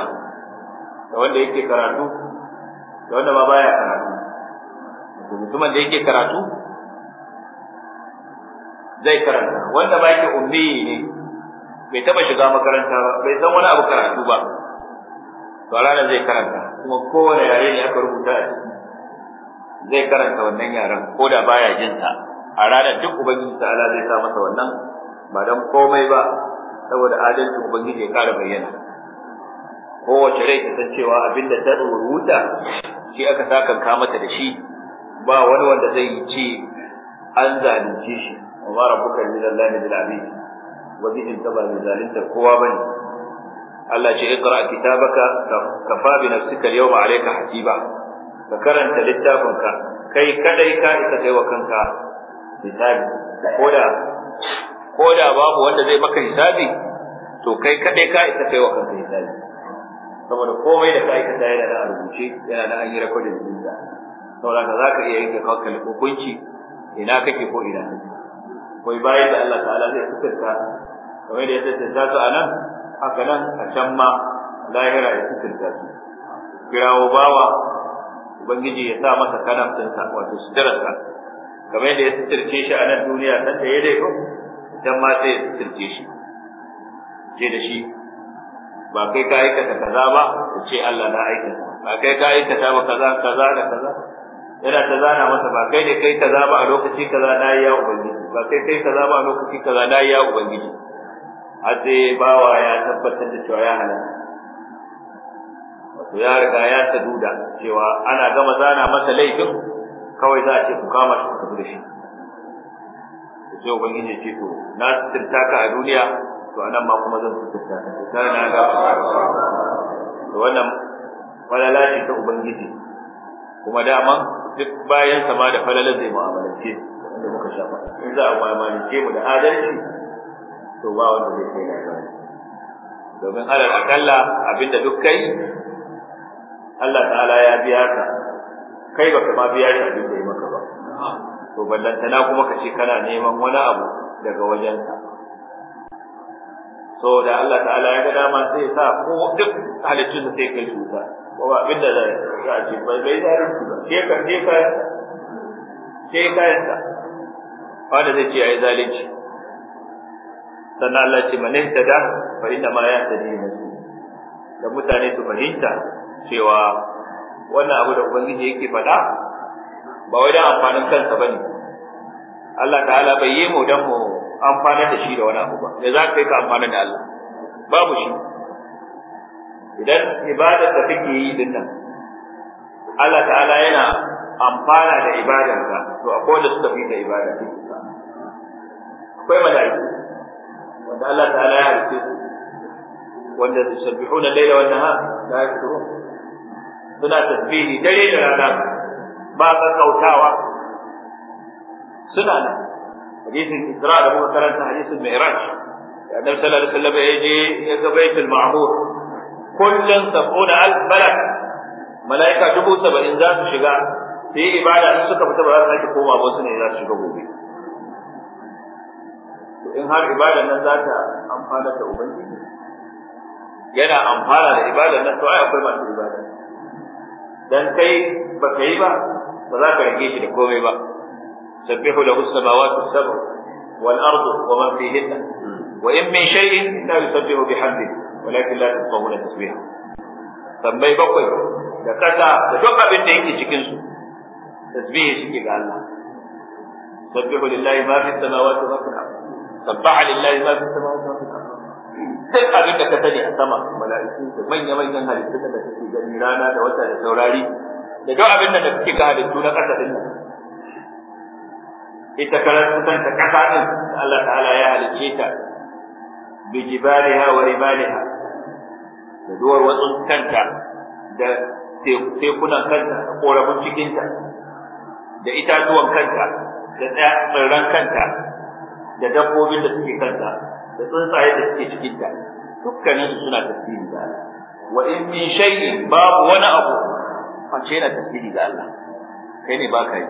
da wanda yake karatu da wanda ma baya karatu to mutumin da yake karatu zai karanta wanda ba yake ummi ne bai taba shiga makaranta ba bai san wani abu karatu ba to ranar zai karanta kuma kowane yare ne aka rubuta a ciki zai karanta wannan yaren ko da baya jin sa a ranar duk ubangiji ala zai sa masa wannan ba dan komai ba saboda adalcin ubangiji ya kara bayyana kowace rai ta san cewa abinda ta rubuta shi aka sakanka mata da shi ba wani wanda zai yi ce an zalunce shi wa rabbuka lillahi bil aziz wazihin ka ba mai zalunta kowa bane Allah ce iqra kitabaka kafa bi nafsika al-yawma alayka hasiba ka karanta littafin ka kai kadai ka isa kai wa kanka hisabi koda koda babu wanda zai maka hisabi to kai kadai ka isa kai wa kanka hisabi saboda komai da ka aikata yana da rubuce yana da an yi rekodin din sa saboda za ka iya yanke kanka hukunci ina kake ko ina kake akwai bayan da Allah ta'ala zai hukunta kamar da ya tantance su a nan haka nan a can ma lahira ya hukunta su kirawo bawa ubangiji ya sa masa kanan ɗinsa wato suturarsa kamar da ya suturce shi a nan duniya nan da ya daiko dan ma sai ya suturce shi Je da shi ba kai ka aikata kaza ba ya ce Allah na aikata ba kai ka aikata ba kaza kaza da kaza yana ta zana masa ba kai ne kai kaza ba a lokaci kaza na yi ya ubangiji ba sai sai kaza ba lokaci kaza na ya ubangiji har sai bawa ya tabbatar da cewa ya halatta wato ya riga ya saduda cewa ana gama zana masa laifin kawai za a ce ku kama shi ku da shi sai ubangiji ce to na sirta ka a duniya to anan ma kuma zan sirta ka sai na ga to wannan falala ce ta ubangiji kuma daman duk bayan sama da falalar zai mu'amalance da muka shafa in za a ke mu da adalci to ba wanda zai kai na domin alal akalla abinda duk kai Allah ta'ala ya biya ka kai baka ma biya shi abinda ya maka ba to ballantana kuma ka ce kana neman wani abu daga wajensa so da Allah ta'ala ya ga dama sai sa ko duk halittun sai kai cuta ko abin da za a ce bai bai da ba sai ka sai ka sai ka wanda zai ce ya yi zalunci sannan Allah ce man ihtada fa fahimta ma yahtadi nafsu da mutane su fahimta cewa wannan abu da ubangiji yake faɗa ba wai da amfanin kansa bane Allah ta'ala bai yi mu dan mu amfana da shi da wani abu ba me za ka yi ka amfana da Allah babu shi idan ibadar da kake yi din nan Allah ta'ala yana amfana da ibadarka to akwai da suka fi da ibada akwai mala'iku wanda Allah ta'ala ya halice su wanda su sabbihuna laila wan nahar la yakthurun suna tasbihi dare da rana ba kakkautawa suna nan hadisin Isra da kuma karanta hadisin Mi'raj da Annabi sallallahu alaihi wasallam ya je ya ga Baitul Ma'mur kullun sabuna alf malak malaika dubu saba'in za su shiga sai yi ibada in suka fita ba za su sake koma ba su ne za su shiga gobe in har ibadar nan za ta amfana da ubangiji yana amfana da ibadar nan to ai akwai masu ibada dan kai ba ka yi ba ba za ka rage shi da komai ba sabbihu lahu samawati sab'u wal ardu wa ma fihinna wa in min shay'in la yusabbihu bihamdihi walakin la tafqahuna tasbihahu tambayi bakwai da kasa da duk abin da yake cikin su tasbihi suke ga Allah sabbihu lillahi ma fi samawati wa fil ardi sabbaha lillahi ma fi samawati wa fil ardh sai abin da ka sani a sama mala'iku da manya manyan halittu da kake gani rana da wata da saurari da duk abin da kake ga halittu na ƙasa din ita karatu kan ta ƙasa din Allah ta'ala ya halicce ta bi jibaliha wa ribaliha da duwar watsun kanta da tekunan kanta da korafin cikinta da itatuwan kanta da tsirran kanta da dabbobin da suke kanta da tsuntsaye da suke cikin ta dukkanin su suna tasbihi da Allah wa in min shay'in babu wani abu face yana tasbihi da Allah kai ne ba kai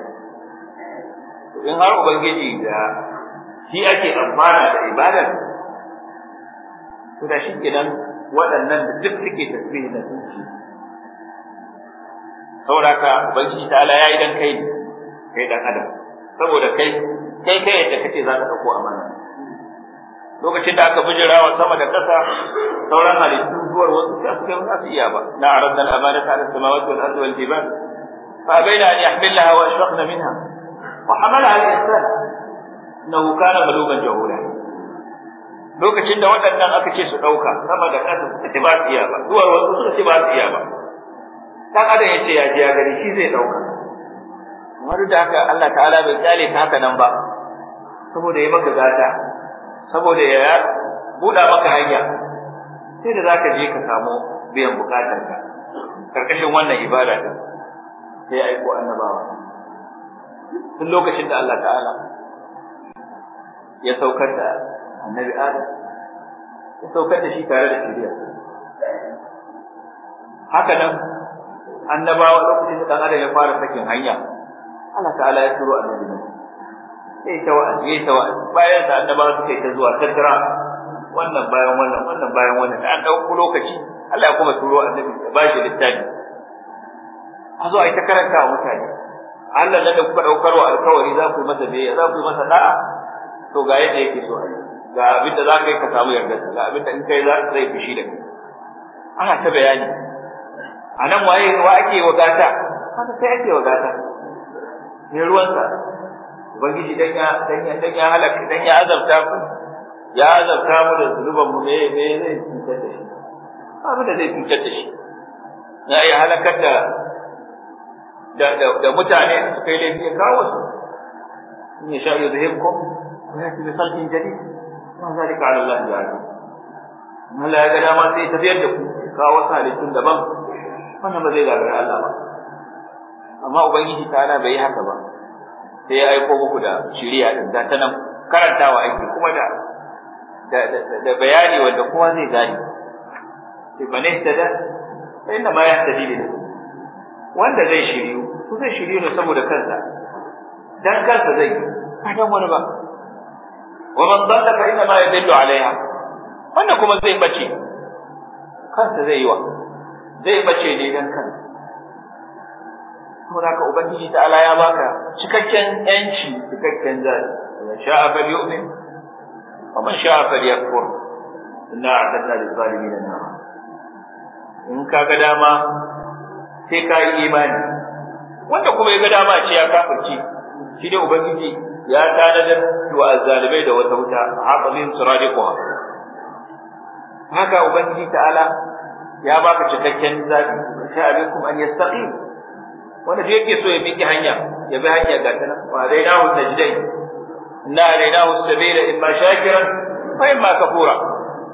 to in har ubangiji da shi ake amfana da ibada to da shi kenan waɗannan da duk suke tasbihi da sunci saboda ka ubangiji ta Allah yayi dan kai ne kai dan adam saboda kai kai kai yadda kace za ka dauko amana lokacin da aka wa sama da ƙasa sauran halittu zuwar wasu sai suka ba Na iya ba na aradna al-amanata ala samawati wal ardi wal jibal fa bayna an yahmilaha wa ashfaqna minha wa hamalaha al-insan innahu kana balugan jahula lokacin da waɗannan aka ce su ɗauka sama da ƙasa suka ce ba su iya ba zuwar wasu suka ce ba su iya ba dan adam yace ya ji ya gani shi zai ɗauka wani da haka Allah ta'ala bai kyale ta haka nan ba saboda ya maka gata saboda ya buɗa maka hanya sai da zaka je ka samu biyan ka. karkashin wannan ibada ta sai aiko annabawa tun lokacin da Allah ta'ala ya saukar da annabi Adam ya saukar da shi tare da shirya haka nan annabawa lokacin da dan adam ya fara sakin hanya Allah ta'ala ya turo annabi Nuh sai ta wa'azi yayi ta wa'azi bayan sa annabawa suka yi ta zuwa tattara. wannan bayan wannan wannan bayan wannan ta ɗauko lokaci Allah ya kuma turo annabi ya ba shi littafi a zo ai ta karanta wa mutane Allah nan da kuka ɗaukar wa alkawari za ku yi masa biyayya za ku yi masa da'a to ga yadda yake so ai ga abin da za ka yi ka samu yardar ga abin da in kai za zai fushi da kai ana ta bayani a nan waye wa ake wa gata haka sai ake wa gata ne ruwansa ubangiji dan ya dan ya dan ya halaka dan ya azabta ku ya azabta mu da zunuban mu ne me zai cutar da shi abu da zai cutar da shi na ya halakar da da mutane su kai laifi ya kawo su in ya sha yuzhibkum wa yati bi khalqin jadid ma zalika ala Allah ya'lam Allah ya ga dama sai tafiyar da ku kawo wasu halittun daban wannan ba zai gagara Allah ba amma ubangiji ta ana bai yi haka ba sai ya aiko muku da shiriya din da ta karantawa aiki kuma da da bayani wanda kowa zai gani da tada na ma ta dide wanda zai shiriyu su zai shiriyu ne saboda kansa dan kansa zai ba dan wani ba wa man dalla fa inna ma yadullu alaiha Wanda kuma zai bace kansa zai yi wa zai bace ne dan kansa kuma zaka ubangiji ta ala ya baka cikakken yanci cikakken zari ya sha'a fa yu'min wa man sha'a fa yakfur inna a'tadna lil zalimin nar in ka ga dama sai ka yi imani wanda kuma ya ga dama ce ya kafirce shi dai ubangiji ya tanadar wa azzalimai da wata wuta a min suradiqwa haka ubangiji ta'ala ya baka cikakken zabi sha alaikum an yastaqim wanda duk yake so ya miƙe hanya ya bi hanya ga tana wa rainahu najdai inna rainahu sabila imma shakiran wa imma kafura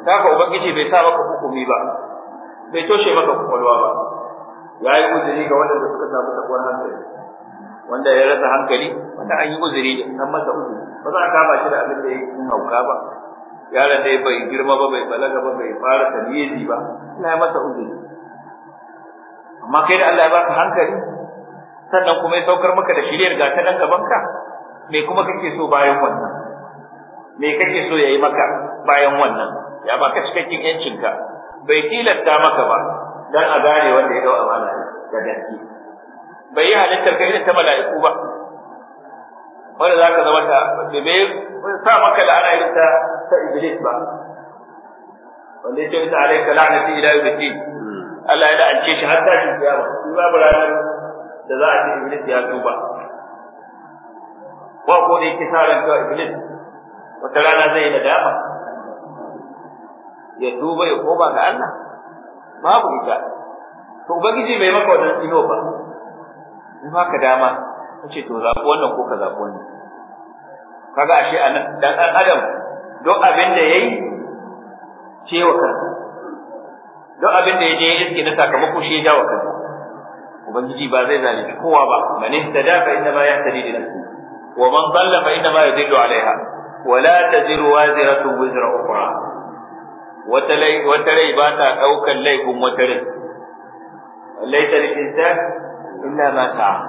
haka ubangiji bai sa maka hukumi ba bai toshe maka kwakwalwa ba ya yi uzuri ga wanda suka samu takwar hankali wanda ya rasa hankali wanda an yi uzuri da an masa uzuri ba za a kama shi da abin da ya yi hauka ba yaron dai bai girma ba bai balaga ba bai fara taliyi ba Allah ya masa uzuri amma kai da Allah ya baka hankali sannan kuma ya saukar maka da shiriyar ga ta gaban ka? me kuma kake so bayan wannan me kake so yayi maka bayan wannan ya baka cikakken yancinka bai tilasta maka ba dan a gane wanda ya dau amana da gaske bai yi halittar kai ta mala'iku ba wanda zaka zama ta bai sa maka la'ana irin ta ta iblis ba wanda ya ce ta alaika la'anati ila yawmiddin hmm. Allah ya da'ance shi har tashin kiyama ba babu ranar da za a ce iblis ya duba. ko ko da yake sa ran cewa iblis wata rana zai da dama ya duba ya koma ga Allah babu ita to ubangiji bai maka wannan tsino ba in haka dama kace to zaɓi wannan ko ka zaɓi wannan kaga ashe anan dan adam duk abin da yayi cewa kansa duk abin da ya je iske na sakamako shi ya jawo kansa ubangiji ba zai zalunci kowa ba Mani, ta da fa inna ma yahtadi li nafsi wa man dhalla fa inna ma yadillu alaiha wa la taziru waziratun wizra ukhra wata lai wata rai ba ta daukan laifin wata rai laita lil insan illa ma sa'a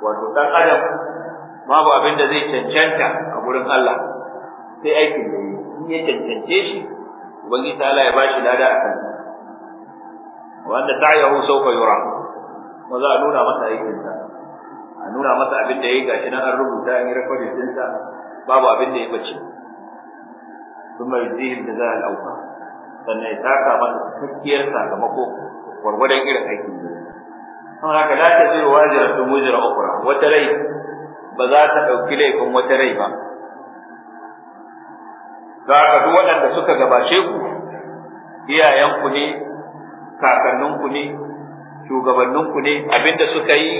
wato dan adam babu abin da zai cancanta a gurin Allah sai aikin da yi in ya cancance shi ubangiji ta Allah ya bashi lada a kansa wanda sa'yahu sawfa yura ma za a nuna masa aikin sa a nuna masa abin da ya yayi gashi nan an rubuta an yi recording din sa babu abin da ya bace kuma yuzihim jazaa al-awfa sannan ya taka masa cikakkiyar sakamako gwargwadon irin aikin da don haka la ta zai wajira tun wujira ukura wata rai ba za ta ɗauki laifin wata rai ba za ka duk waɗanda suka gabace ku iyayenku ne kakanninku ne shugabanninku ne abinda suka yi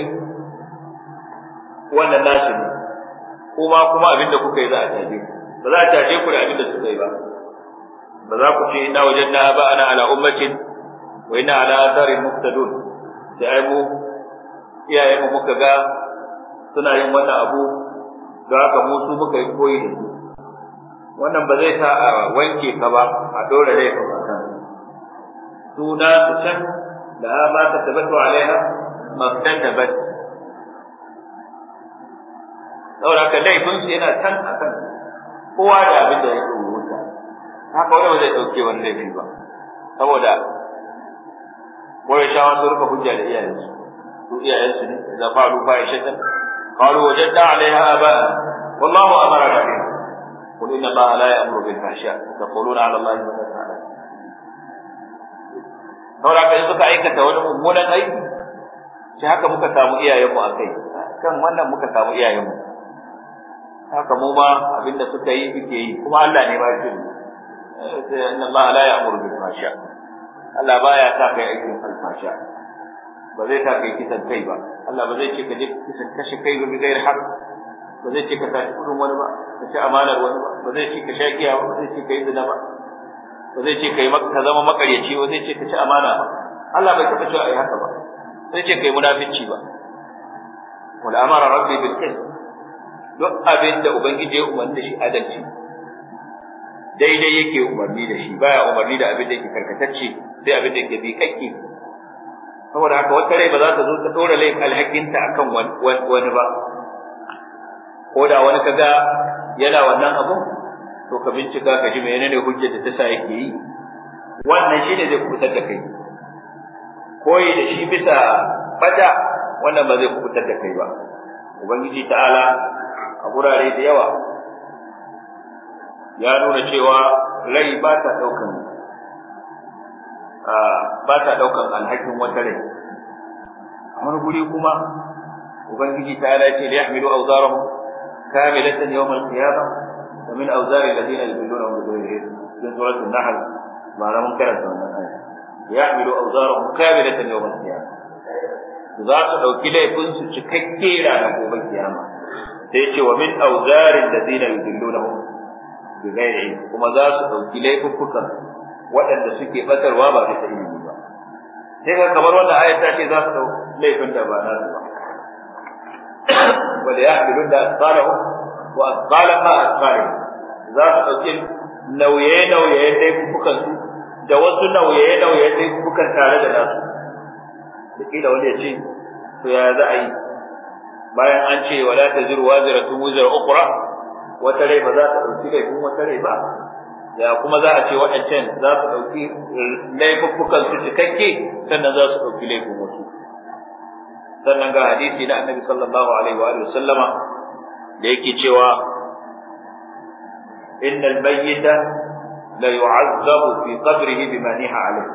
wannan nasu ne kuma kuma abinda kuka yi za a caje ku ba za a caje ku da abinda suka yi ba ba za ku ce ina wajen na ba ana ala ummatin wa ina ala asarin muktadun da ai mu iyayenmu muka ga suna yin wannan abu da haka mu su muka yi koyi da su wannan ba zai sa a wanke ka ba a dora laifin ba دون سهم لا ما كتبته عليها ما كتبت لو راك لايفن سي انا كان اكن هو ده بده يقول ها قول له زي توكي وين ده بيقول سبودا ويشاء ضرب حجه لايانس يا ايانس اذا فعلوا فاحشه قالوا وجدنا عليها ابا والله امرنا بها قل إن الله لا يامر بالفحشاء تقولون على الله ما saboda ka suka aikata wani mummunan aiki shi haka muka samu iyayenmu a kai kan wannan muka samu iyayenmu haka mu ma abinda suka yi suke yi kuma Allah ne ba shi sai eh, inna Allah la ya'muru bil fahsha Allah baya sa kai aikin alfasha ba zai sa kai kisan kai ba Allah ba zai ce ka je kisan kashe kai ba bi gair haq ba zai ce ka tashi kudin wani ba ka ci amanar wani ba ba zai ce ka sha giya ba ba zai ce ka yi zina ba ba zai ce kai ka zama makaryaci ba zai ce ka ci amana ba Allah bai taɓa cewa ai haka ba sai ce kai munafici ba wal amara rabbi bil qist duk abin da ubangiji ya umarni da shi adalci daidai yake umarni da shi baya umarni da abin da yake karkatacce sai abin da yake bi kakki saboda haka wata rai ba za ta zo ta dora laifin alhakinta akan wani ba ko da wani kaga yana wannan abun to ka bincika ka ji menene hujja da ta sa yake yi wannan shine zai kubutar da kai koyi da shi bisa bada wannan ba zai kubutar da kai ba ubangiji ta'ala a gurare da yawa ya nuna cewa rai ba ta daukan ba ta daukan alhakin wata rai a guri kuma ubangiji ta'ala ce ya hamilu auzarahu kamilatan yawmal qiyamah ومن أوزار الذين يذلونهم بغير علم من سورة النحل ما لهم كانت من آية يحملوا أوزارهم كاملة يوم القيامة za su ɗauki laifinsu cikakke ranar gobe sai ce wa min da zina yudilluna hum bi ghairi kuma za su ɗauki laifuffukan waɗanda suke batarwa ba bisa ilimi ba sai kamar wannan ayat ce za su laifin da ba ba da wa za su ɗauki nauye-nauyen laifukan su da wasu nauye-nauyen laifukan tare da nasu da da wani ya ce to ya za a yi bayan an ce wala ta ziru zira tun wuzira ukura wata rai ba za ta ɗauki laifin wata rai ba ya kuma za a ce waɗancan za su ɗauki laifuffukan su cikakke sannan za su ɗauki laifin wasu sannan ga hadisi na annabi sallallahu alaihi wa sallama da yake cewa innal mayyita la yu'azzabu fi qabrihi bima niha alayhi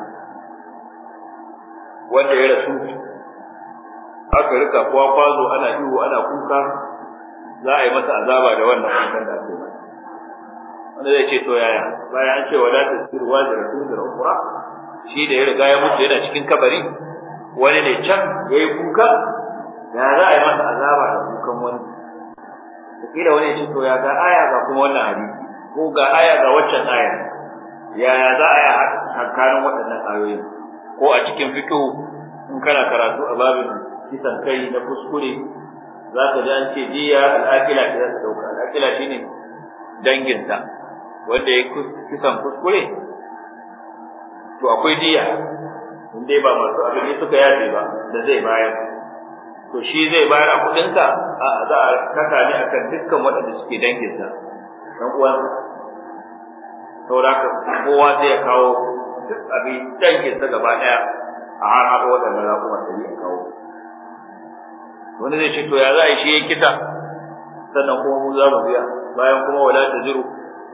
wanda ya rasu aka rika kuwa kwazo ana ihu ana kuka za a yi masa azaba da wannan kukan da ake masa wanda zai ce to yaya bayan an ce wala tasiru wa da rasul da ukura shi da ya riga ya mutu yana cikin kabari wani ne can yayi kuka ya za a yi masa azaba da kukan wani kila wani ya ce to ya ga aya ga kuma wannan hadisi ko ga aya ga waccan aya yaya za a yi hankalin waɗannan ayoyin ko a cikin fito in kana karatu a babin kisan kai na kuskure za ka ji an ce jiya al'akila ta za ta ɗauka al'akila shi ne danginta wanda ya kisan kuskure to akwai jiya inda ba masu abin suka yaje ba da zai bayar to shi zai bayar a kuɗinka a za a kasa ne akan dukkan waɗanda suke danginsa ɗan uwansa saboda kowa zai kawo duk abin danginsa gaba ɗaya a har haɗo waɗannan raƙuma sai ya kawo wani zai ce to ya za a yi shi ya kita sannan kuma mu za mu biya bayan kuma wala ta ziru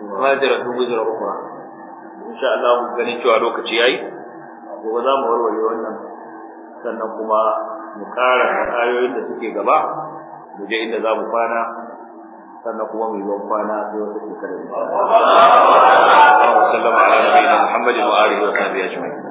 ma zira tu guzura ukura insha Allah mu ganin cewa lokaci yayi gobe za mu warware wannan sannan kuma mu ƙara ayoyin da suke gaba mu je inda za mu kwana sannan kuma mu yi kwana sai wata shekara da wa sallam ala nabiyina muhammadin wa alihi wa sahbihi ajma'in